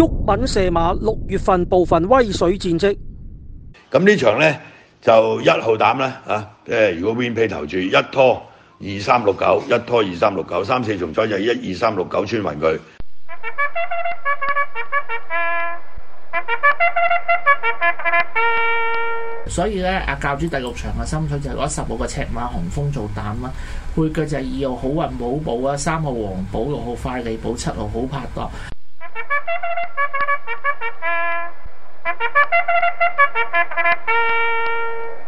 沃敏射馬六月份部分威水戰績。咁呢場咧就一號膽啦，啊，誒，如果 Win P 投注一拖二三六九，一拖二三六九，三四重彩就係一二三六九穿匀佢。 所以咧，阿教主第六場嘅心水就係攞十五個尺碼紅峰做膽啦，配腳就係二號好運寶寶啊，三號黃寶，六號快利寶，七號好拍檔。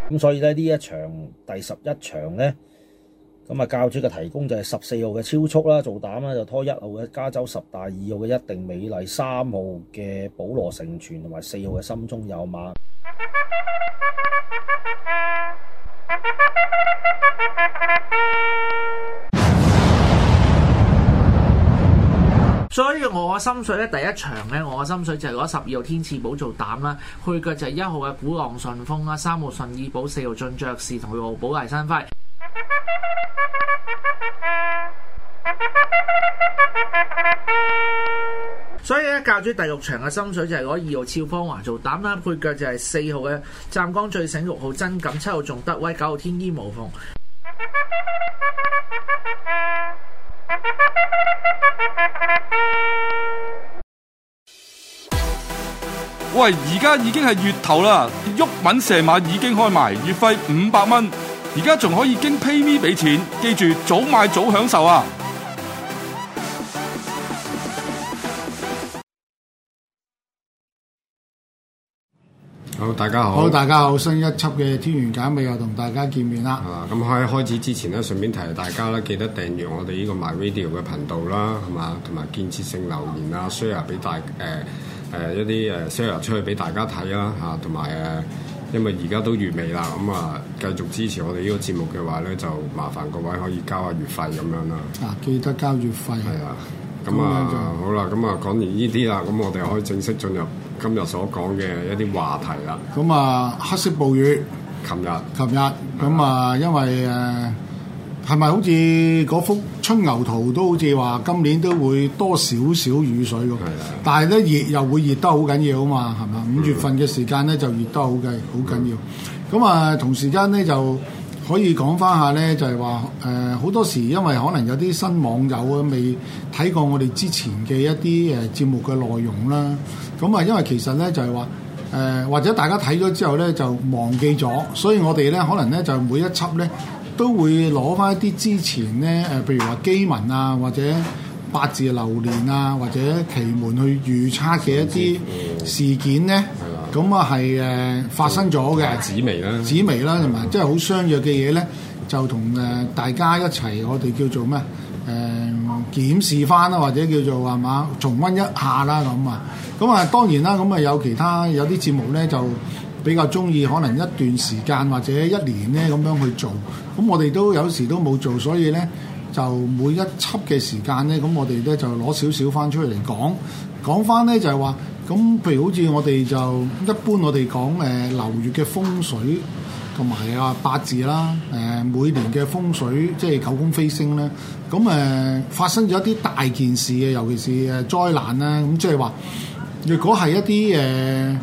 咁所以呢，呢一場第十一場呢，咁啊教主嘅提供就係十四號嘅超速啦，做膽啦就拖一號嘅加州十大，二號嘅一定美麗，三號嘅保羅成全同埋四號嘅心中有馬。我嘅心水咧，第一場咧，我嘅心水就係攞十二號天賜寶做膽啦，配腳就係一號嘅古浪順風啦，三號順意寶，四號進爵士同六號寶麗生輝。 所以咧，教主第六場嘅心水就係攞二號超芳華做膽啦，配腳就係四號嘅湛江最醒，六號真錦，七號仲德威，九號天衣無縫。喂，而家已經係月頭啦，沃敏射馬已經開埋，月費五百蚊，而家仲可以經 PayMe 俾錢，記住早買早享受啊！好，大家好，好，大家好，新一輯嘅天玄解密又同大家見面啦。啊，咁喺開始之前咧，順便提大家啦，記得訂閱我哋呢個 My Video 嘅頻道啦，係嘛，同埋建設性留言啦，share 俾大誒。呃誒、呃、一啲誒 share 出去俾大家睇啦嚇，同埋誒，因為而家都月尾啦，咁啊繼續支持我哋呢個節目嘅話咧，就麻煩各位可以交下月費咁樣啦。啊，記得交月費。係啊，咁啊好啦，咁啊講完呢啲啦，咁、啊、我哋可以正式進入今日所講嘅一啲話題啦。咁啊，黑色暴雨，琴日。琴日，咁啊，啊，因為誒。係咪好似嗰幅春牛圖都好似話今年都會多少少雨水咁？係啦的。但係呢熱又會熱得好緊要啊嘛，係咪？五月份嘅時間呢就熱得好緊，好緊要。咁啊的同時間呢就可以講翻下呢，就係話誒好多時因為可能有啲新網友啊未睇過我哋之前嘅一啲誒節目嘅內容啦。咁啊因為其實呢就係話誒或者大家睇咗之後呢就忘記咗，所以我哋呢可能呢就每一輯呢，都會攞翻一啲之前咧誒，譬、呃、如話基文啊，或者八字流年啊，或者奇門去預測嘅一啲事件咧，咁啊係誒發生咗嘅紫微啦、啊，紫微啦同埋即係好相約嘅嘢咧，就同誒大家一齊我哋叫做咩誒、呃、檢視翻啦，或者叫做係嘛重溫一下啦咁啊，咁啊當然啦，咁啊有其他有啲節目咧就比較鍾意，可能一段時間或者一年咧咁樣去做。咁我哋都有時都冇做，所以咧就每一輯嘅時間咧，咁我哋咧就攞少少翻出嚟講講翻咧，就係話咁，就是、譬如好似我哋就一般我哋講誒流月嘅風水同埋啊八字啦，誒、呃、每年嘅風水即係九宮飛星咧，咁、呃、誒發生咗一啲大件事嘅，尤其是誒災難啦，咁、呃、即係話如果係一啲誒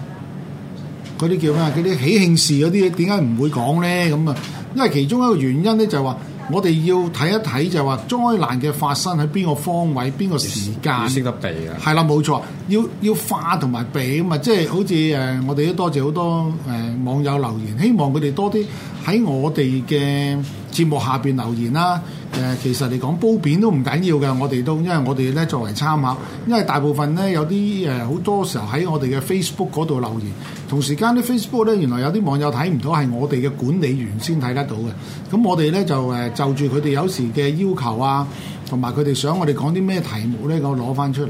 嗰啲叫咩？嗰啲喜慶事嗰啲，點解唔會講咧？咁啊？因為其中一個原因咧，就係話我哋要睇一睇，就係話災難嘅發生喺邊個方位、邊個時間，識得避啊！係啦，冇錯，要要化同埋避嘛，即係好似誒，我哋都多謝好多誒網友留言，希望佢哋多啲喺我哋嘅節目下邊留言啦。誒其實你講褒貶都唔緊要嘅，我哋都因為我哋咧作為參考，因為大部分咧有啲誒好多時候喺我哋嘅 Facebook 嗰度留言，同時間咧 Facebook 咧原來有啲網友睇唔到，係我哋嘅管理員先睇得到嘅。咁我哋咧就誒就住佢哋有時嘅要求啊，同埋佢哋想我哋講啲咩題目咧，我攞翻出嚟。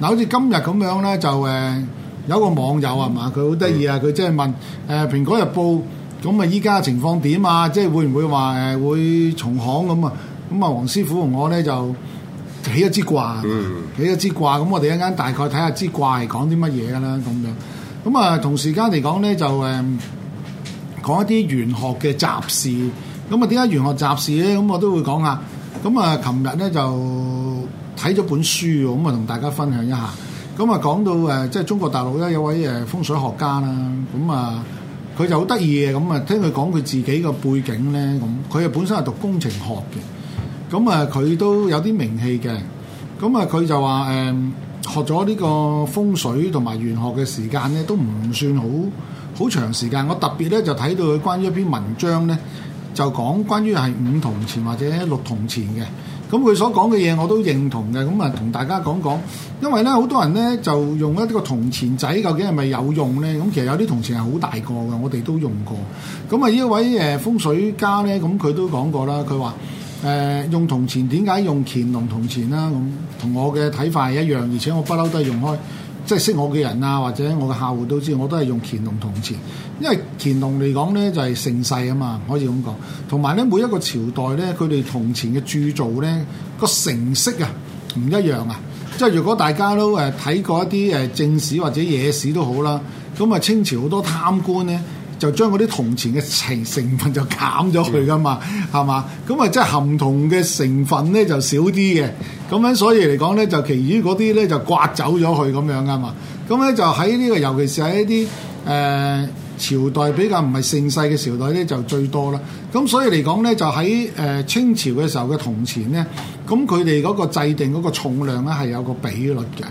嗱，好似今日咁樣咧，就誒有一個網友係嘛，佢好得意啊，佢即係問誒《嗯、蘋果日報》咁啊，依家情況點啊？即係會唔會話誒會重行咁啊？咁啊，黃師傅同我咧就起一支卦，mm hmm. 起一支卦，咁我哋一陣大概睇下支卦係講啲乜嘢噶啦，咁樣。咁啊，同時間嚟講咧就誒講一啲玄學嘅雜事。咁啊，點解玄學雜事咧？咁我都會講下。咁啊，琴日咧就睇咗本書，咁啊同大家分享一下。咁啊，講到誒即係中國大陸咧有位誒風水學家啦，咁啊佢就好得意嘅，咁啊聽佢講佢自己個背景咧，咁佢啊本身係讀工程學嘅。咁啊，佢、嗯、都有啲名氣嘅。咁、嗯、啊，佢就話誒、嗯、學咗呢個風水同埋玄學嘅時間咧，都唔算好好長時間。我特別咧就睇到佢關於一篇文章咧，就講關於係五銅錢或者六銅錢嘅。咁、嗯、佢所講嘅嘢我都認同嘅。咁、嗯、啊，同大家講講，因為咧好多人咧就用一啲個銅錢仔，究竟係咪有用咧？咁、嗯、其實有啲銅錢係好大個嘅，我哋都用過。咁、嗯、啊，呢、嗯、位誒、呃、風水家咧，咁、嗯、佢都講過啦，佢話。誒用銅錢點解用乾隆銅錢啦？咁同我嘅睇法係一樣，而且我不嬲都係用開，即係識我嘅人啊，或者我嘅客戶都知道，我都係用乾隆銅錢，因為乾隆嚟講呢，就係盛世啊嘛，可以咁講。同埋呢，每一個朝代呢，佢哋銅錢嘅鑄造呢個成色啊唔一樣啊，即係如果大家都誒睇過一啲誒正史或者野史都好啦，咁啊清朝好多貪官呢。就將嗰啲銅錢嘅成成分就減咗去㗎嘛，係嘛的？咁啊，即係含銅嘅成分咧就少啲嘅。咁樣所以嚟講咧，就其餘嗰啲咧就刮走咗佢。咁樣㗎嘛。咁咧就喺呢、這個，尤其是喺一啲誒、呃、朝代比較唔係盛世嘅朝代咧，就最多啦。咁所以嚟講咧，就喺誒、呃、清朝嘅時候嘅銅錢咧，咁佢哋嗰個制定嗰個重量咧係有個比率嘅。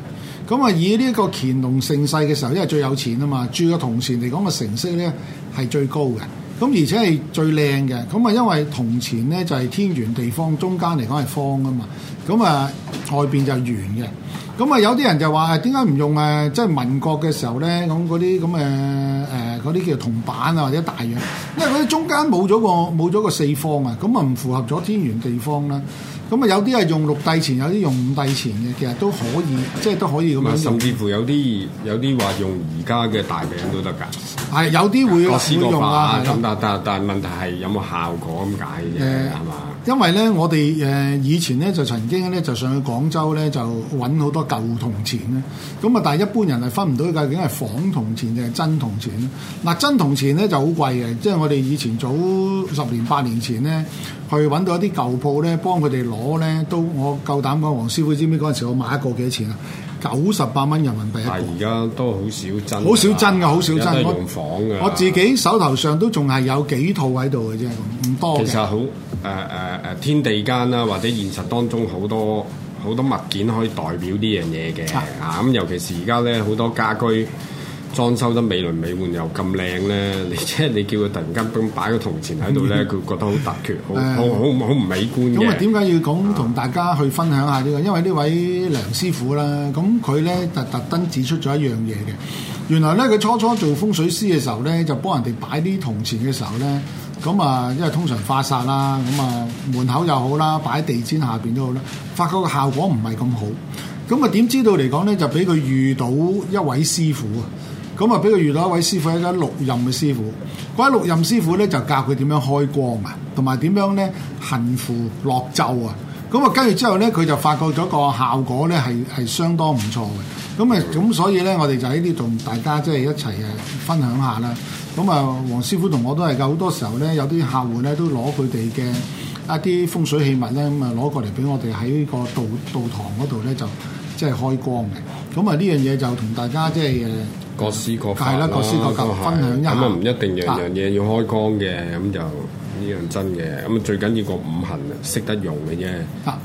咁啊！以呢個乾隆盛世嘅時候，因為最有錢啊嘛，鑄嘅銅錢嚟講嘅成色咧係最高嘅，咁而且係最靚嘅。咁啊，因為銅錢咧就係天圓地方，中間嚟講係方啊嘛，咁啊外邊就圓嘅。咁啊，有啲人就話係點解唔用誒，即係民國嘅時候咧，咁嗰啲咁誒誒嗰啲叫銅板啊或者大樣，因為佢中間冇咗個冇咗個四方啊，咁啊唔符合咗天圓地方啦。咁啊，有啲係用六帝錢，有啲用五帝錢嘅，其實都可以，的即係都可以咁樣。甚至乎有啲有啲話用而家嘅大餅都得㗎。係有啲會,會用啊。咁的但但但問題係有冇效果咁解嘅。係嘛的？因為咧，我哋誒以前咧就曾經咧就上去廣州咧就揾好多舊銅錢咧，咁啊但係一般人係分唔到究竟係仿銅錢定係真銅錢，嗱，真銅錢咧就好貴嘅，即係我哋以前早十年八年前咧去揾到一啲舊鋪咧幫佢哋攞咧，都我夠膽講黃師傅，知唔知嗰陣時我買一個幾多錢啊？九十八蚊人民幣一個，係而家都好少真。好少真嘅，好少真。我房我自己手頭上都仲係有幾套喺度嘅啫，唔的多。其實好誒誒誒，天地間啦，或者現實當中好多好多物件可以代表呢樣嘢嘅，啊咁的，尤其是而家咧好多家居。裝修得美輪美奐又咁靚咧，即係你叫佢突然間擺個銅錢喺度咧，佢 覺得好突兀， 好好好唔美觀咁啊，點解、 嗯、要咁同大家去分享下呢、呢個？因為呢位梁師傅啦，咁佢咧就特登指出咗一樣嘢嘅。原來咧，佢初初做風水師嘅時候咧，就幫人哋擺啲銅錢嘅時候咧，咁啊，因為通常化煞啦，咁啊門口又好啦，擺地氈下邊都好啦，發覺個效果唔係咁好。咁啊，點知道嚟講咧，就俾佢遇到一位師傅啊！咁啊，俾佢遇到一位師傅，一位六壬嘅師傅。嗰位六壬師傅咧，就教佢點樣開光啊，同埋點樣咧行符落咒啊。咁啊，跟住之後咧，佢就發覺咗個效果咧，係係相當唔錯嘅。咁啊，咁所以咧，我哋就喺呢度同大家即係一齊誒分享下啦。咁啊，黃師傅同我都係㗎好多時候咧，有啲客戶咧都攞佢哋嘅一啲風水器物咧，咁啊攞過嚟俾我哋喺呢個道道堂嗰度咧，就即係開光嘅。咁啊，呢樣嘢就同大家即係誒。各師各法啦，分享一下，咁啊唔一定樣樣嘢要開光嘅，咁就呢樣真嘅。咁啊最緊要個五行啊，識得用嘅啫。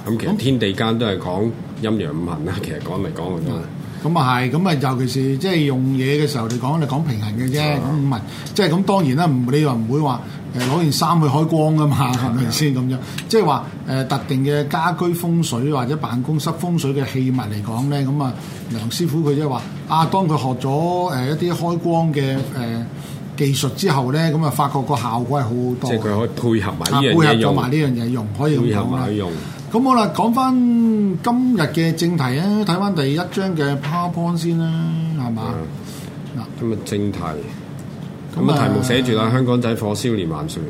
咁其實天地間都係講陰陽五行啦。其實講嚟講去、啊、都係是。咁啊係，咁啊、嗯嗯嗯、尤其是，尤其是即係用嘢嘅時候你講，你講平衡嘅啫。咁五行即係咁，當然啦，唔你又唔會話。誒攞完衫去開光㗎嘛，係咪先咁樣？即係話誒特定嘅家居風水或者辦公室風水嘅器物嚟講咧，咁啊梁師傅佢即係話啊，當佢學咗誒、呃、一啲開光嘅誒、呃、技術之後咧，咁啊發覺個效果係好好多。即係佢可以配合埋呢樣嘢用，配合咗埋呢樣嘢用，可以咁講啦。咁好啦，講翻今日嘅正題啊，睇翻第一張嘅 PowerPoint 先啦，係嘛？嗱、嗯，今日正題。咁啊！嗯、題目寫住啦，香港仔火燒連環船，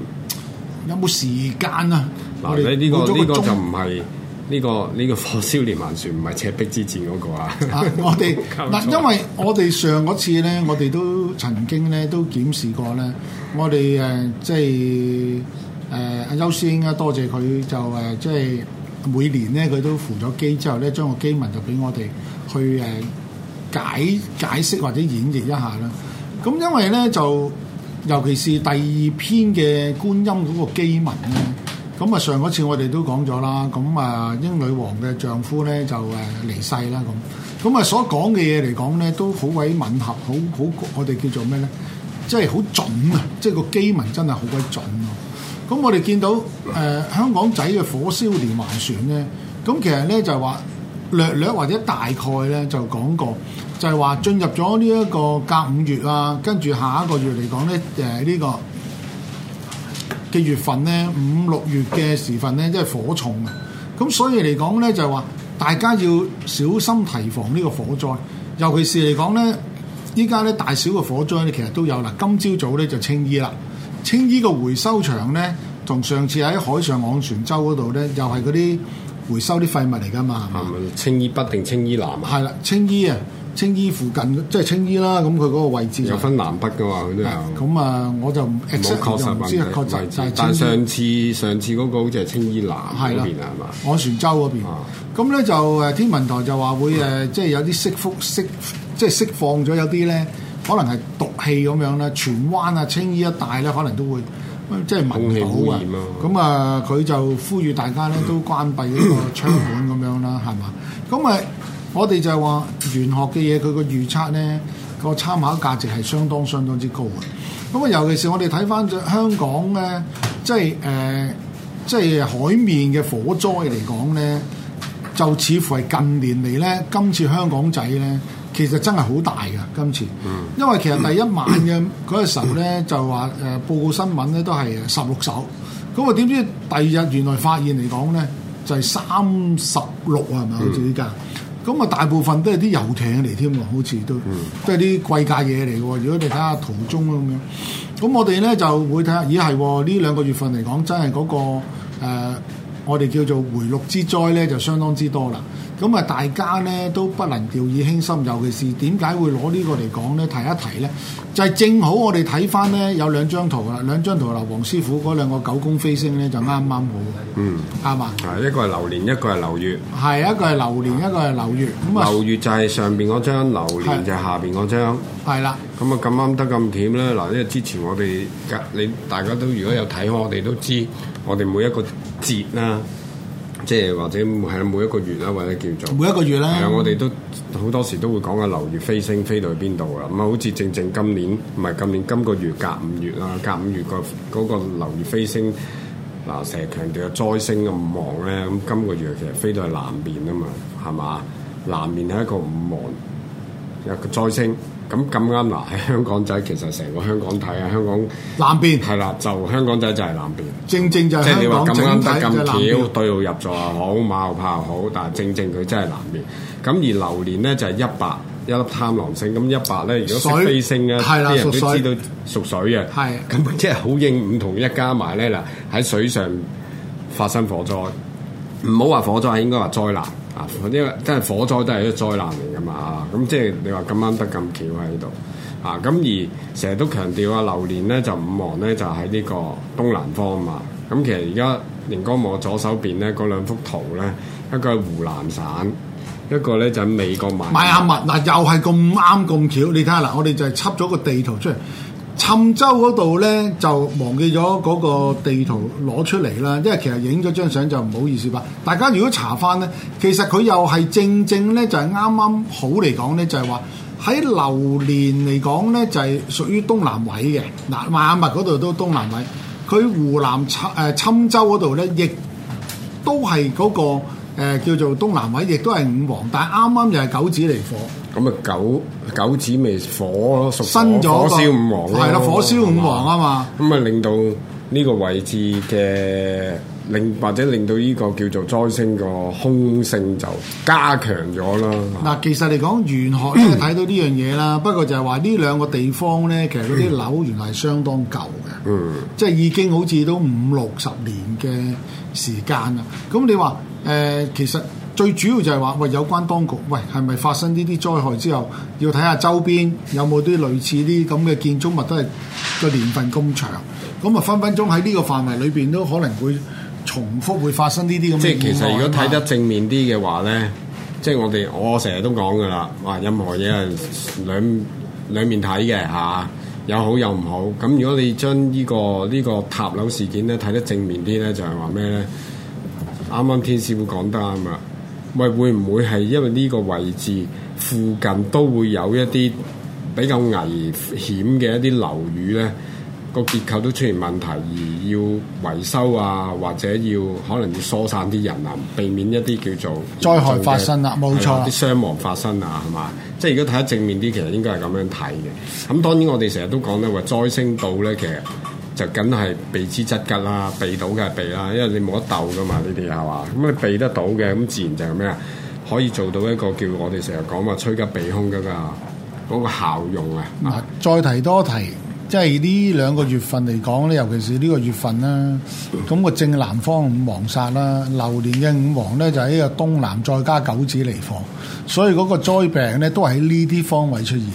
有冇時間啊？嗱、啊，你呢、呢個呢個，個就唔係呢個呢、呢個火燒連環船，唔係赤壁之戰嗰個啊？ 啊我哋嗱， 因為我哋上嗰次咧，我哋都曾經咧都檢視過咧，我哋誒、呃、即係誒阿優師兄啊，多謝佢就誒、呃、即係每年咧佢都扶咗乩之後咧，將個乩文就俾我哋去誒解解釋或者演繹一下啦。咁因為咧就尤其是第二篇嘅觀音嗰個機文咧，咁啊上嗰次我哋都講咗啦，咁啊英女王嘅丈夫咧就誒離世啦咁，咁啊所講嘅嘢嚟講咧都好鬼吻合，好好我哋叫做咩咧？即係好準啊！即係個機文真係好鬼準咯。咁我哋見到誒、呃、香港仔嘅火燒連環船咧，咁其實咧就係話略略或者大概咧就講過。就係話進入咗呢一個隔五月啊，跟住下一個月嚟講咧，誒、呃、呢、呢個嘅月份咧，五六月嘅時份咧，即係火重啊！咁所以嚟講咧，就係、是、話大家要小心提防呢個火災，尤其是嚟講咧，依家咧大小嘅火災咧，其實都有啦。今朝早咧就青衣啦，青衣嘅回收場咧，同上次喺海上昂船洲嗰度咧，又係嗰啲回收啲廢物嚟㗎嘛。啊，青衣北定青衣南啊。係啦，青衣啊。青衣附近，即係青衣啦，咁佢嗰個位置就分南北嘅嘛，佢都有。咁啊，我就唔 a 知個確實。但上次上次嗰個好似係青衣南嗰邊啦，係嘛？我船洲嗰邊。咁咧就誒天文台就話會誒，即係有啲釋放釋即係釋放咗有啲咧，可能係毒氣咁樣啦。荃灣啊、青衣一帶咧，可能都會即係聞到啊。咁啊，佢就呼籲大家咧都關閉呢個窗門咁樣啦，係嘛？咁啊。我哋就係話，玄學嘅嘢，佢個預測咧，個參考價值係相當相當之高嘅。咁啊，尤其是我哋睇翻香港咧，即係誒、呃，即係海面嘅火災嚟講咧，就似乎係近年嚟咧，今次香港仔咧，其實真係好大㗎今次。因為其實第一晚嘅嗰個時候咧， 就話誒報告新聞咧都係十六艘。咁啊，點知第二日原來發現嚟講咧，就係三十六啊，係咪？好似依家。嗯。咁啊，大部分都係啲遊艇嚟添喎，好似都都係啲貴價嘢嚟嘅喎。如果你睇下途中咁樣，咁我哋咧就會睇下，咦係喎，呢兩個月份嚟講，真係嗰個、那個、呃、我哋叫做回錄之災咧，就相當之多啦。咁啊，大家咧都不能掉以輕心，尤其是點解會攞呢個嚟講咧？提一提咧，就係、是、正好我哋睇翻咧有兩張圖啦，兩張圖劉黃師傅嗰兩個九宮飛星咧就啱啱好。嗯，啱嘛吧？係一個係流年，一個係流月。係一個係流年，一個係流月。咁啊，流月就係上邊嗰張，流年就係下邊嗰張。係啦。咁啊咁啱得咁蹺啦！嗱，因為之前我哋隔你大家都如果有睇我哋都知我哋每一個節啦。即係或者係每一個月啦，或者叫做每一個月啦。係啊，我哋都好多時都會講啊，流月飛星飛到去邊度啊？咁、嗯、啊，好似正正今年唔係今年今個月隔五月啦、啊，隔五月個嗰個流月飛、啊、常常星，嗱成日強調啊災星咁忙咧，咁今個月其實飛到去南面啊嘛，係嘛？南面係一個五芒，有個災星。咁咁啱嗱，喺香港仔其實成個香港睇啊，香港南邊係啦，就香港仔就係南邊。正正就係即係你話咁啱得咁巧，對號入座又好，馬後炮又好，但係正正佢真係南面。咁而流年咧就係一白，一粒貪狼星。咁一白咧，如果屬飛星咧，啲人都知道屬水啊。係。咁即係好應五同一加埋咧嗱，喺水上發生火災，唔好話火災，應該話災難。啊！因為真係火災都係一個災難嚟噶嘛嚇，咁即係你話咁啱得咁巧喺度啊！咁而成日都強調啊，流年咧就五黃咧就喺、喺、呢個東南方嘛。咁、啊、其實而家螢光幕左手邊咧嗰兩幅圖咧，一個係湖南省，一個咧就喺美國邁。邁阿密！嗱、啊，又係咁啱咁巧，你睇下嗱，我哋就係插咗個地圖出嚟。郴州嗰度呢，就忘記咗嗰個地圖攞出嚟啦，因為其實影咗張相就唔好意思吧。大家如果查翻呢，其實佢又係正正呢，就係啱啱好嚟講呢，就係話喺流年嚟講呢，就係屬於東南位嘅。嗱、萬物嗰度都東南位，佢湖南郴、誒、呃、郴州嗰度呢，亦都係嗰個。誒叫做東南位，亦都係五黃，但係啱啱又係九紫離火。咁啊，九九紫咪火咯，火新咗個，係咯，火燒五黃啊嘛。咁啊吧，吧令到呢個位置嘅令或者令到呢個叫做災星個凶性就加強咗啦。嗱、嗯，其實嚟講，玄學咧睇到呢樣嘢啦，不過就係話呢兩個地方咧，其實嗰啲樓原來係相當舊嘅，嗯，即係已經好似都五六十年嘅時間啦。咁你話？誒、呃，其實最主要就係話，喂、呃，有關當局，喂，係咪發生呢啲災害之後，要睇下周邊有冇啲類似啲咁嘅建築物都係個年份咁長，咁啊，分分鐘喺呢個範圍裏邊都可能會重複會發生呢啲咁。即係其實如果睇得正面啲嘅話咧，啊、即係我哋我成日都講噶啦，話，任何嘢係兩兩面睇嘅嚇，有好有唔好。咁如果你將呢、呢個呢、呢個塔樓事件咧睇得正面啲咧，就係話咩咧？啱啱天師傅講得啊嘛，咪會唔會係因為呢個位置附近都會有一啲比較危險嘅一啲樓宇呢？個結構都出現問題而要維修啊，或者要可能要疏散啲人啊，避免一啲叫做災害發生啦，冇錯，啲傷亡發生啊，係嘛？即係如果睇得正面啲，其實應該係咁樣睇嘅。咁當然我哋成日都講咧，話災星到呢，其實。就梗係避之則吉啦，避到嘅係避啦，因為你冇得鬥㗎嘛，呢啲係嘛？咁你避得到嘅，咁自然就係咩啊？可以做到一個叫我哋成日講話催吉避凶嘅㗎，嗰個效用啊！嗱，再提多提，即係呢兩個月份嚟講咧，尤其是呢個月份啦，咁個正南方五黃煞啦，流年嘅五黃咧就喺個東南，再加九紫離火，所以嗰個災病咧都喺呢啲方位出現。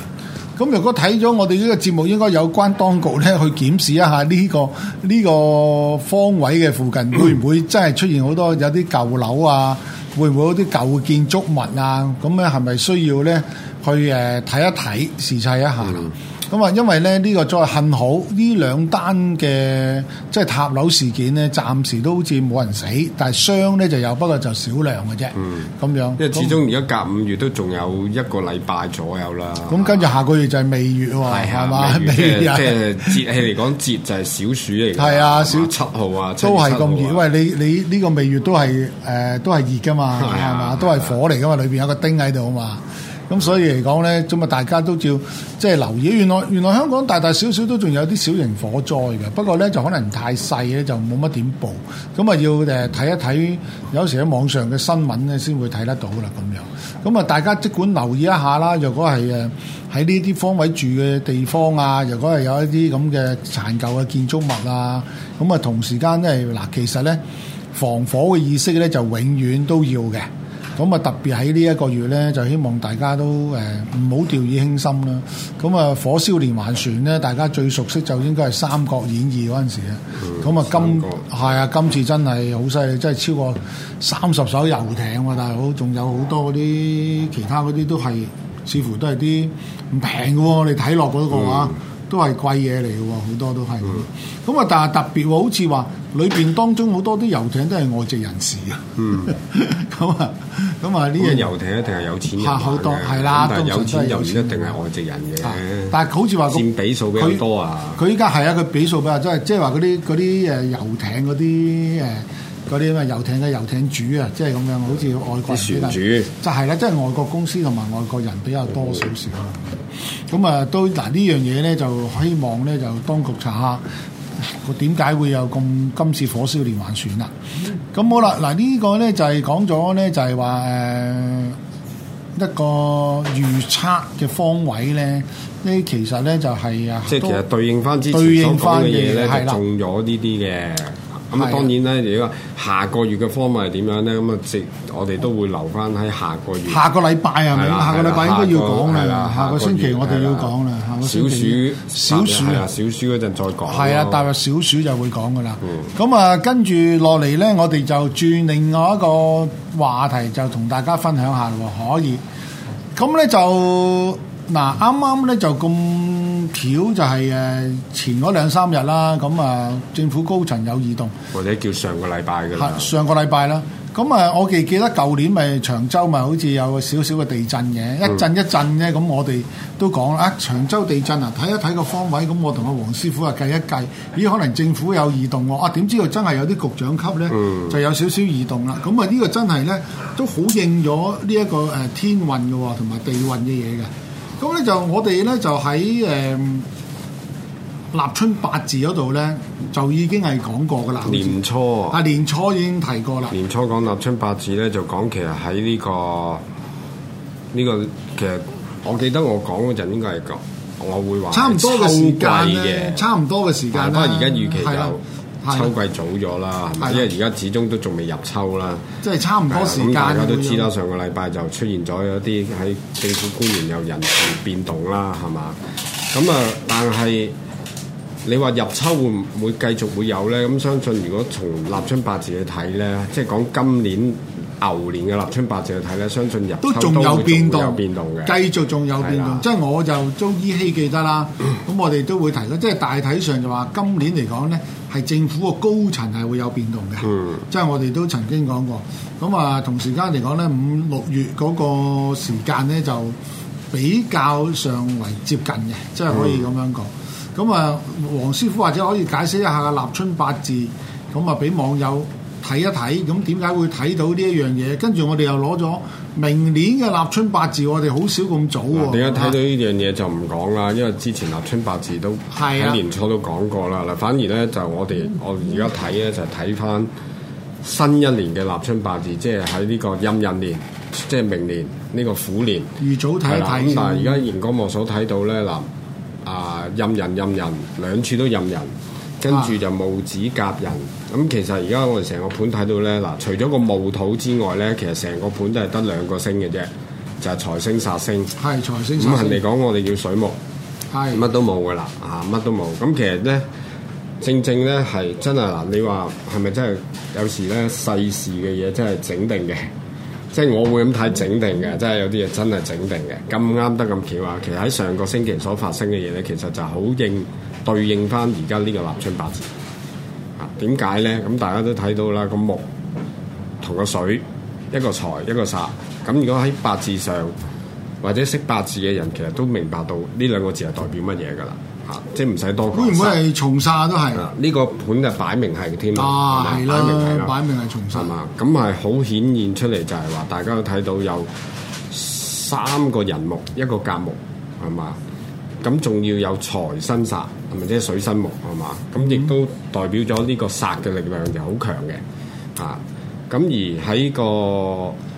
咁如果睇咗我哋呢個節目，應該有關當局咧去檢視一下呢、這個呢、這個方位嘅附近，會唔會真係出現好多有啲舊樓啊？會唔會有啲舊建築物啊？咁咧係咪需要咧去誒睇、呃、一睇視察一下？嗯咁啊，因為咧呢個再幸好，呢兩單嘅即係塔樓事件咧，暫時都好似冇人死，但係傷咧就有，不過就少量嘅啫。嗯，咁樣。因為始終而家隔五月都仲有一個禮拜左右啦。咁跟住下個月就係未月喎，係嘛？未月即係節氣嚟講，節就係小暑嚟。係啊，小七號啊，都係咁熱。喂，你你呢個未月都係誒都係熱㗎嘛，係嘛？都係火嚟㗎嘛，裏邊有個丁喺度嘛。咁所以嚟講咧，咁啊大家都照即係留意。原來原來香港大大小小都仲有啲小型火災嘅，不過咧就可能太細咧，就冇乜點報。咁啊要誒睇一睇，有時喺網上嘅新聞咧先會睇得到啦咁樣。咁啊大家即管留意一下啦。若果係誒喺呢啲方位住嘅地方啊，若果係有一啲咁嘅殘舊嘅建築物啊，咁啊同時間咧嗱，其實咧防火嘅意識咧就永遠都要嘅。咁啊，特別喺呢一個月呢，就希望大家都誒唔好掉以輕心啦。咁、嗯、啊，火燒連環船呢，大家最熟悉就應該係《三國演義》嗰陣時咁啊，嗯、今係角啊，今次真係好犀利，真係超過三十艘遊艇喎，大佬。但係仲有好多嗰啲其他嗰啲都係，似乎都係啲唔平嘅喎。你睇落嗰個話。嗯都係貴嘢嚟喎，好多都係。咁啊，但係特別喎，好似話裏邊當中好多啲遊艇都係外籍人士啊。咁啊、嗯，咁啊， 呢樣遊艇一定係有錢人好多係啦，但是都唔有錢又唔一定係外籍人嘅。但係好似話佔比數比較多啊。佢依家係啊，佢比數比較，即係即係話嗰啲啲誒遊艇嗰啲誒。呃嗰啲咩遊艇嘅遊艇主啊，即係咁樣，好似外國船主啦主，就係啦，即係外國公司同埋外國人比較多少少。咁、嗯、啊，都嗱呢樣嘢咧，就希望咧就當局查下，佢點解會有咁今次火燒連環船啦？咁、嗯、好啦，嗱、啊這個、呢個咧就係講咗咧，就係話誒一個預測嘅方位咧，呢其實咧就係啊，即係其實對應翻之前所講嘅嘢咧，就中咗呢啲嘅。了了咁啊， 當然咧，如果下個月嘅科目係點樣咧，咁啊，我哋都會留翻喺下個月。下個禮拜係咪？係係啊、下個禮拜應該要講啦，下個星期我哋要講啦。小暑，小暑日，小暑嗰陣再講。係啊，大約小暑就會講噶啦。咁啊、嗯，跟住落嚟咧，我哋就轉另外一個話題，就同大家分享下可以。咁咧就嗱，啱啱咧就咁。條就係誒前嗰兩三日啦，咁啊政府高層有異動，或者、哦、叫上個禮拜嘅啦。上個禮拜啦，咁啊我記記得舊年咪長洲咪好似有少少嘅地震嘅，一震一震咧，咁我哋都講啦，長洲地震啊，睇一睇個方位，咁我同阿黃師傅啊計一計，咦可能政府有異動喎，啊點知佢真係有啲局長級咧，就有少少異動啦，咁啊呢、嗯、個真係咧都好應咗呢一個誒天運嘅喎，同埋地運嘅嘢嘅。咁咧就我哋咧就喺誒、嗯、立春八字嗰度咧，就已經係講過噶啦。年初啊，年初已經提過啦。年初講立春八字咧，就講其實喺呢、呢個呢、呢個其實，我記得我講嗰陣應該係講，我會話差唔多嘅時間咧，差唔多嘅時間啦。而家預期秋季早咗啦，係咪的？吧因為而家始終都仲未入秋啦，即係差唔多時間。嗯、大家都知道，上個禮拜就出現咗有啲喺政府官員又人事變動啦，係嘛？咁、嗯、啊，但係你話入秋會唔會繼續會有呢？咁、嗯、相信如果從立春八字去睇呢，即係講今年。牛年嘅立春八字去睇咧，相信入秋都仲有變動，嘅，繼續仲有變動，即係我就中依稀記得啦。咁 我哋都會提咗，即係大體上就話今年嚟講咧，係政府個高層係會有變動嘅。嗯、即係我哋都曾經講過，咁啊，同時間嚟講咧，五六月嗰個時間咧就比較上為接近嘅，嗯、即係可以咁樣講，咁啊，黃師傅或者可以解釋一下立春八字，咁啊俾網友。睇一睇，咁點解會睇到呢一樣嘢？跟住我哋又攞咗明年嘅立春八字，我哋好少咁早喎、啊。點解睇到呢樣嘢就唔講啦？因為之前立春八字都喺年初都講過啦。嗱的，反而咧就我哋我而家睇咧就睇、是、翻新一年嘅立春八字，即係喺呢個壬寅年，即、就、係、是、明年呢、這個虎年。預早睇一睇。但係而家熒光幕所睇到咧嗱，啊，壬寅壬寅兩處都壬寅。壬寅跟住就戊子甲寅，咁其實而家我哋成個盤睇到咧，嗱，除咗個戊土之外咧，其實成個盤都係得兩個星嘅啫，就係、是、財星煞星。係財星煞星。咁人哋講，我哋叫水木，係乜都冇嘅啦，嚇，乜都冇。咁其實咧，正正咧係真係嗱，你話係咪真係有時咧世事嘅嘢真係整定嘅？即係我會咁睇整定嘅，即係有啲嘢真係整定嘅。咁啱得咁巧啊！其實喺上個星期所發生嘅嘢咧，其實就好應。對應翻而家呢個立春八字，啊點解咧？咁大家都睇到啦，個木同個水一個財一個煞，咁如果喺八字上或者識八字嘅人，其實都明白到呢兩個字係代表乜嘢㗎啦，嚇，即係唔使多講。會唔會係重煞都係？啊，呢個盤就擺明係㗎添啦，擺明係啦、啊，擺明係重煞。係嘛？咁係好顯現出嚟，就係話大家都睇到有三個人木，一個甲木，係嘛？咁仲要有財生煞，同埋即係水生木，係嘛？咁亦都代表咗呢個煞嘅力量就好強嘅，嚇、啊。咁而喺個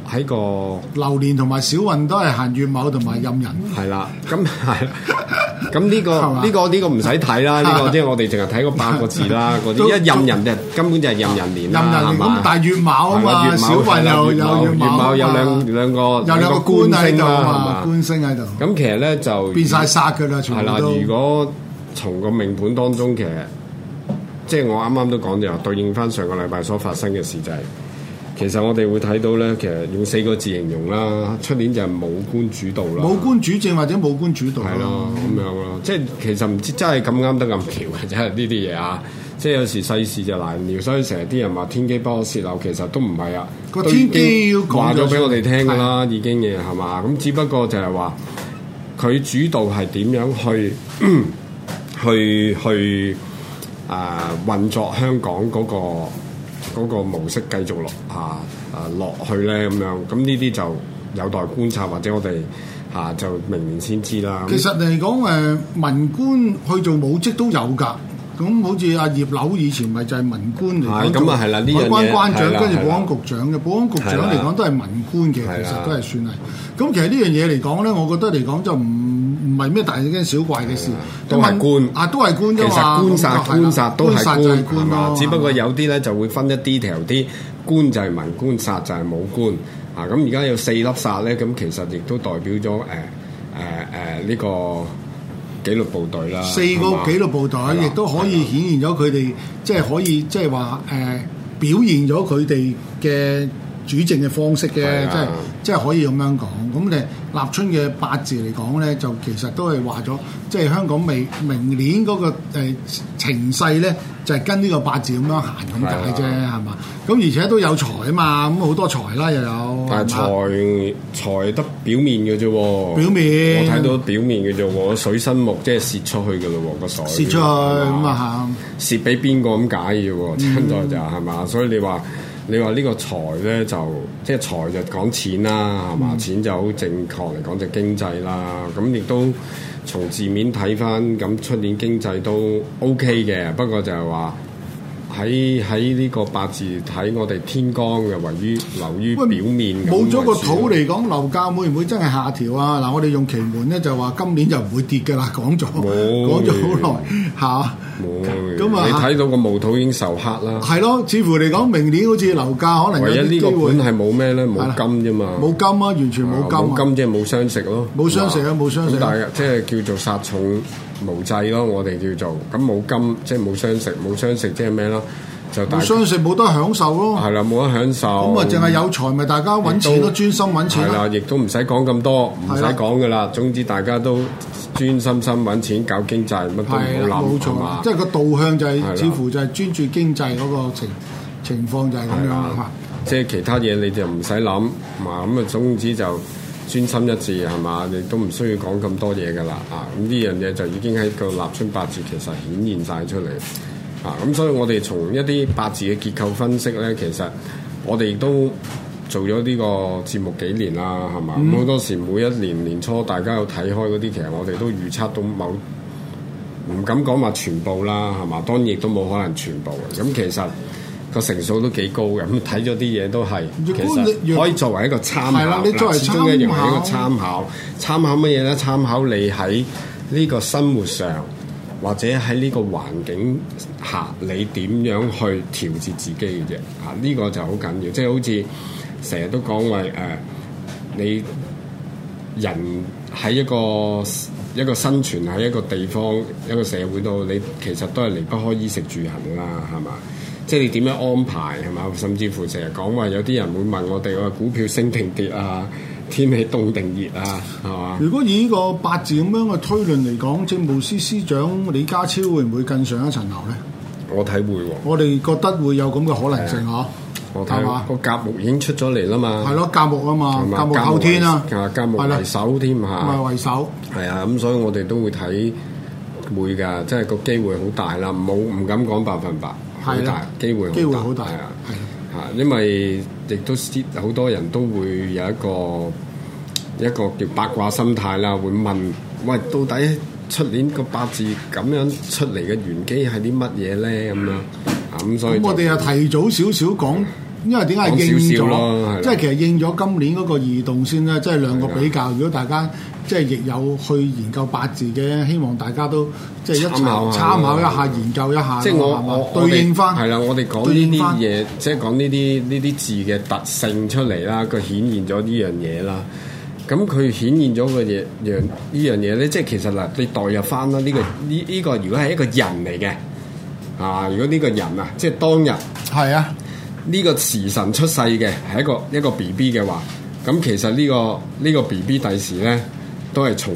喺個流年同埋小運都係行月卯同埋陰壬。係啦、嗯，咁係。 咁呢個呢個呢個唔使睇啦，呢個即係我哋淨係睇個八個字啦，嗰啲一任人就根本就係任人年任人年。係嘛？但係月卯啊嘛，有月卯，有兩兩個有兩個官喺度啊，官星喺度。咁其實咧就變晒煞㗎啦，全部都。係啦，如果從個命盤當中其實，即係我啱啱都講咗，對應翻上個禮拜所發生嘅事就係。其實我哋會睇到咧，其實用四個字形容啦，出年就係武官主導啦。武官主政或者武官主導咯，係啦、嗯、咁樣咯。即係其實唔知真係咁啱得咁巧，真係呢啲嘢啊！即係有時世事就難料，所以成日啲人話「天機不可泄漏」，其實都唔係啊。個天機話咗俾我哋聽㗎啦，的已經嘅係嘛？咁只不過就係話佢主導係點樣去 去去，去啊運作香港嗰、那個。嗰個模式繼續落下誒，落去咧，咁樣，咁呢啲就有待觀察，或者我哋嚇就明年先知啦。其實嚟講誒，文官去做武職都有㗎。咁好似阿葉劉以前咪就係文官嚟，咁海關關長跟住、啊、保安局長嘅、啊、保安局長嚟講、啊、都係文官嘅，其實都係算係。咁其實呢樣嘢嚟講咧，我覺得嚟講就唔。唔係咩大驚小怪嘅事，都係官啊，都係官啫嘛。其實官殺官殺都係官咯，只不過有啲咧就會分一 detail 啲。官就係文官，殺就係武官。啊，咁而家有四粒殺咧，咁其實亦都代表咗誒誒誒呢個紀律部隊啦。四個紀律部隊亦都可以顯現咗佢哋，即係可以即係話誒，表現咗佢哋嘅主政嘅方式嘅，即係即係可以咁樣講。咁你？立春嘅八字嚟講咧，就其實都係話咗，即係香港未明年嗰個情勢咧，就係跟呢個八字咁樣行咁解啫，係嘛的？咁而且都有財啊嘛，咁好多財啦又有。但係財財得表面嘅啫喎。表面。我睇到表面嘅啫喎，水生木即係泄出去嘅嘞喎，個水吧。泄出去咁啊嚇！泄俾邊個咁解嘅喎？聽在就係嘛，所以你話。你話呢個財咧就即係財，就講錢啦，係嘛、嗯？錢就好正確嚟講就經濟啦。咁亦都從字面睇返，咁出年經濟都 OK 嘅。不過就係話喺喺呢個八字睇，我哋天光又位於流於表面，冇咗個土嚟講，樓價會唔會真係下調啊？嗱，我哋用奇門咧就話今年就唔會跌㗎喇，講咗冇講咗好耐嚇。啊冇啊！沒麼你睇到個毛肚已經受黑啦。係咯，似乎嚟講明年好似樓價可能會唯一呢個本係冇咩咧，冇金啫嘛。冇金啊，完全冇金，啊。冇，啊，金即係冇相食咯。冇相食啊，冇相，啊，食，啊。咁，啊，但係即係叫做殺重無濟咯，我哋叫做咁冇金，即係冇相食，冇相食即係咩咯？冇相信冇得享受咯。係啦，冇得享受。咁啊，淨係有財，咪大家揾錢咯，專心揾錢。係啦，亦都唔使講咁多，唔使講噶啦。總之大家都專心心揾錢搞經濟，乜都唔好諗，係嘛？即係個導向就係，係，似乎就係專注經濟嗰個情情況就係咁樣。即係其他嘢，你哋唔使諗，嘛咁啊，總之就專心一致係嘛？你都唔需要講咁多嘢㗎啦，啊！咁呢樣嘢就已經喺個立春八字其實顯現晒出嚟。咁、嗯、所以我哋從一啲八字嘅結構分析咧，其實我哋都做咗呢個節目幾年啦，係嘛？好、嗯、多時每一年年初大家有睇開嗰啲，其實我哋都預測到某，唔敢講話全部啦，係嘛？當然亦都冇可能全部。咁其實個成數都幾高嘅。咁睇咗啲嘢都係，其實可以作為一個參考啦。始終一樣，一個參考，嗯、參考乜嘢咧？參考你喺呢個生活上。或者喺呢個環境下，你點樣去調節自己嘅啫？啊，呢、這個就好緊要，即係好似成日都講話誒，你人喺一個一個生存喺一個地方、一個社會度，你其實都係離不開衣食住行啦，係嘛？即係你點樣安排，係嘛？甚至乎成日講話有啲人會問我哋，我、哦、股票升停跌啊。天氣凍定熱啊，係嘛？如果以呢個八字咁樣嘅推論嚟講，政務司司長李家超會唔會更上一層樓咧？我睇會喎、啊。我哋覺得會有咁嘅可能性、啊、我睇下，係嘛？個甲木已經出咗嚟啦嘛。係咯、啊，甲木啊嘛。甲木後天啊。係啊，甲木為首添嚇。唔係、啊、為首。係啊，咁所以我哋都會睇會㗎，即係個機會好大啦。冇唔敢講百分百，係啊，機會好大。因為亦都好多人都會有一個一個叫八卦心態啦，會問：喂，到底出年個八字咁樣出嚟嘅玄機係啲乜嘢咧？咁樣啊，咁、嗯嗯、所以、嗯、就我哋又提早少少講。 因為點解應咗？即係其實應咗今年嗰個移動先啦，即係兩個比較。如果大家即係、就是、亦有去研究八字嘅，希望大家都即係一齊參考一下，參考一下，研究一下。即係我我對應翻係啦，我哋講呢啲嘢，即係講呢啲呢啲字嘅特性出嚟啦，佢顯現咗呢樣嘢啦。咁佢顯現咗個嘢樣呢樣嘢咧，即係其實嗱，你代入翻啦，呢個呢呢個如果係一個人嚟嘅啊，如果呢個人啊，即係當日係啊。呢個時辰出世嘅係一個一個 B B 嘅話，咁其實呢、這個呢、這個 B B 第時咧都係從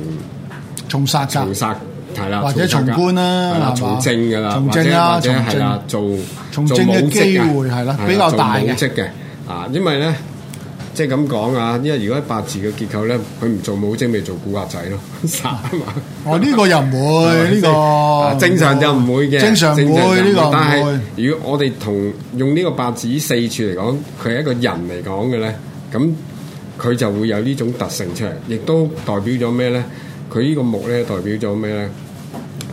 從殺，從殺係啦，重重或者從官啦，從政㗎啦，或者或者係啦，做做武職嘅，係啦，比較大武職嘅，啊，因為咧。即係咁講啊，因為如果八字嘅結構咧，佢唔做武精，咪做古惑仔咯， 哦，呢、這個又唔會呢、這個，正常就唔會嘅，正常正常個但是，但係如果我哋同用呢個八字四柱嚟講，佢係一個人嚟講嘅咧，咁佢就會有呢種特性出嚟，亦都代表咗咩咧？佢呢個木咧代表咗咩咧？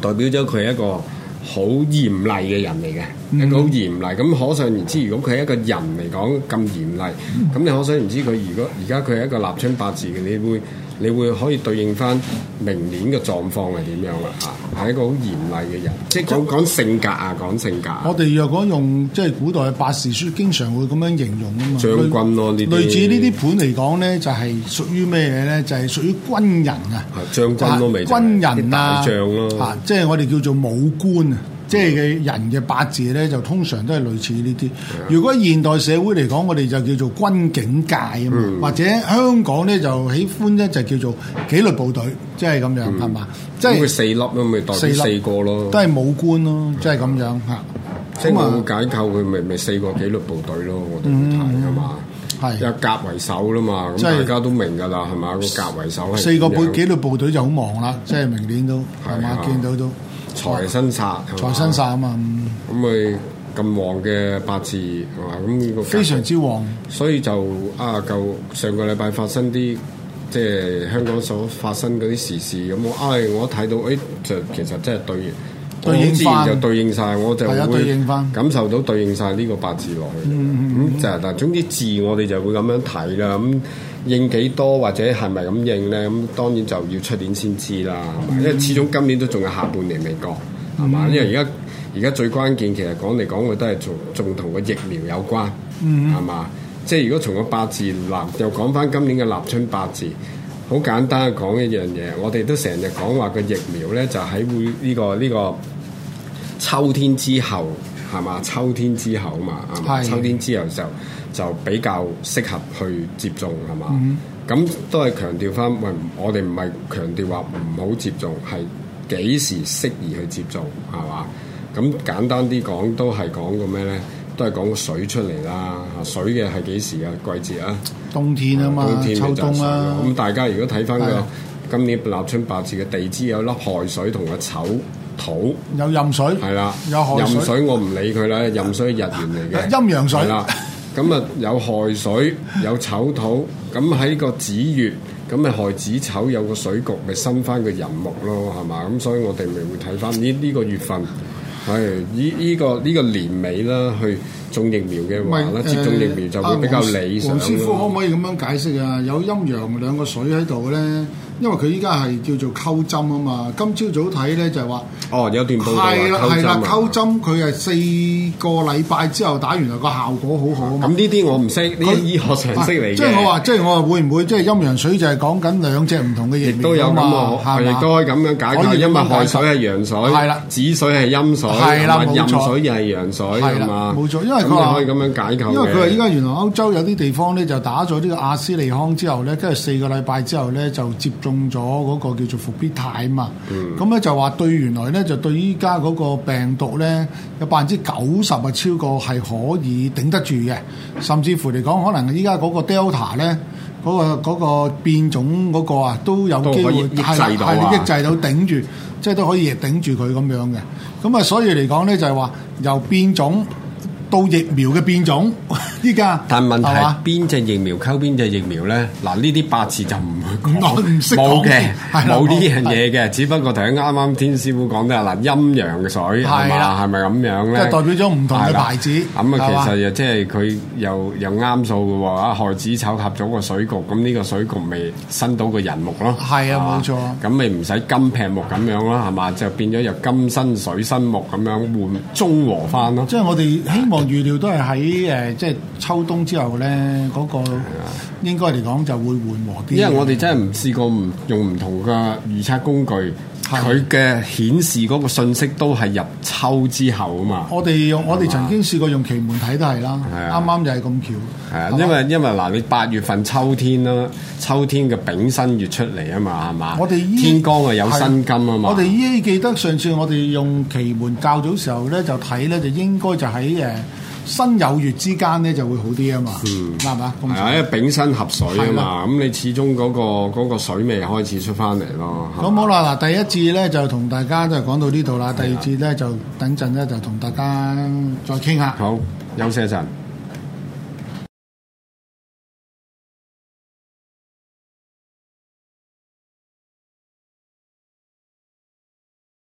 代表咗佢係一個好嚴厲嘅人嚟嘅，嗯、一個好嚴厲。咁可想而知，如果佢係一個人嚟講，咁嚴厲。咁、嗯、你可想而知，佢如果而家佢係一個立春八字嘅，你會。你會可以對應翻明年嘅狀況係點樣啦？嚇，係一個好嚴厲嘅人，即係講講性格啊，講就性格。性格我哋若果用即係、就是、古代嘅《八字書》，經常會咁樣形容啊嘛。將軍咯、啊，呢類、些類似呢啲盤嚟講咧，就係、是、屬於咩嘢咧？就係、是、屬於軍人啊，將軍咯、啊，咪軍人啊，將咯，即、就、係、是、我哋叫做武官啊。即係嘅人嘅八字咧，就通常都係類似呢啲。如果現代社會嚟講，我哋就叫做軍警界啊嘛，或者香港咧就喜歡咧就叫做紀律部隊，即係咁樣係嘛？即係佢四粒咯，咪代表四個咯，都係武官咯，即係咁樣嚇。即係解構佢，咪咪四個紀律部隊咯，我都睇係嘛？係甲為首啦嘛，咁大家都明㗎啦，係嘛？個甲為首，四個部紀律部隊就好忙啦，即係明年都係嘛？見到都。財生煞，財生煞啊嘛。咁佢咁旺嘅八字，係嘛，咁呢個非常之旺。所以就啊，夠上個禮拜發生啲，即、就、係、是、香港所發生嗰啲時事咁、哎，我唉，我睇到誒，就其實真係對，對應自然就對應晒，應我就會感受到對應晒呢個八字落去。嗯嗯，咁就嗱，但總之字我哋就會咁樣睇啦咁。應幾多或者係咪咁應呢？咁當然就要出年先知啦，嗯、哼因為始終今年都仲有下半年未過，係嘛、嗯哼？因為而家而家最關鍵其實講嚟講去都係仲仲同個疫苗有關，係嘛、嗯哼？即係如果從個八字立又講翻今年嘅立春八字，好簡單嘅講一樣嘢，我哋都成日講話個疫苗呢、這個，就喺會呢個呢、這個秋天之後係嘛？秋天之後嘛，的秋天之後就。就比較適合去接種係嘛？咁都係強調翻，喂，我哋唔係強調話唔好接種，係幾時適宜去接種係嘛？咁簡單啲講，都係講個咩咧？都係講個水出嚟啦，水嘅係幾時啊？季節啊？冬天啊嘛，秋冬啦。咁大家如果睇翻個今年立春八字嘅地支有粒亥水同個丑土，有壬水，係啦，有壬水我唔理佢啦，壬水係日元嚟嘅，陰陽水啦。咁啊 有亥水，有丑土，咁喺個子月，咁咪亥子丑有個水局，咪生翻個壬木咯，係嘛？咁所以我哋咪會睇翻呢呢個月份，係依依個呢、呢個年尾啦，去種疫苗嘅話咧，是接種疫苗就會比較理想。嗯、黃師傅可唔可以咁樣解釋啊？有陰陽兩個水喺度咧。因為佢依家係叫做溝針啊嘛，今朝早睇咧就係話哦有段報道溝針，佢係四個禮拜之後打完，原來個效果好好。咁呢啲我唔識，呢啲醫學常識嚟嘅。即係我話，即係我話會唔會即係陰陽水就係講緊兩隻唔同嘅疫苗？亦都有嘛，係亦都可以咁樣解。因為亥水係陽水，係啦，子水係陰水，壬水又係陽水，係嘛？冇錯，因為佢可以咁樣解構。因為佢話依家原來歐洲有啲地方咧就打咗呢個阿斯利康之後咧，跟住四個禮拜之後咧就接。中咗嗰個叫做復必泰嘛，咁咧、嗯嗯、就話對原來咧就對依家嗰個病毒咧有百分之九十啊超過係可以頂得住嘅，甚至乎嚟講可能依家嗰個 Delta 咧嗰、嗰個嗰、嗰個變種嗰個啊都有機會係係抑、啊、抑制到頂住，即係都可以頂住佢咁樣嘅，咁、嗯、啊所以嚟講咧就係、是、話由變種。到疫苗嘅變種，依家，但問題邊隻疫苗溝邊隻疫苗咧？嗱，呢啲八字就唔會咁講，冇嘅，冇呢樣嘢嘅。只不過頭先啱啱天師傅講嘅嗱，陰陽嘅水係嘛，係咪咁樣咧？代表咗唔同嘅牌子。咁啊，其實又即係佢又又啱數嘅喎。亥子丑合咗個水局，咁呢個水局咪生到個寅木咯。係啊，冇錯。咁咪唔使金劈木咁樣咯，係嘛？就變咗又金生水、生木咁樣換中和翻咯。即係我哋希望。預料都係喺誒，即係秋冬之後咧，嗰個應該嚟講就會緩和啲。因為我哋真係唔試過唔用唔同嘅預測工具。佢嘅顯示嗰個信息都係入秋之後啊嘛，我哋們用吧我哋曾經試過用奇門睇都係啦，啱啱吧就係咁巧。係啊吧吧，因為因為嗱，你八月份秋天啦，秋天嘅丙申月出嚟啊嘛，係嘛？我哋天光啊有申金啊嘛。我哋依記得上次我哋用奇門較早時候咧就睇咧就應該就喺誒。呃新有月之間咧就會好啲啊嘛，啱唔啱？係啊，因為丙辛合水啊嘛，咁嗎你始終嗰、嗰個嗰個水味開始出翻嚟咯。咁、嗯、吧好啦，嗱，第一節咧就同大家就講到呢度啦，啊、第二節咧就等陣咧就同大家再傾下。好，休息一陣。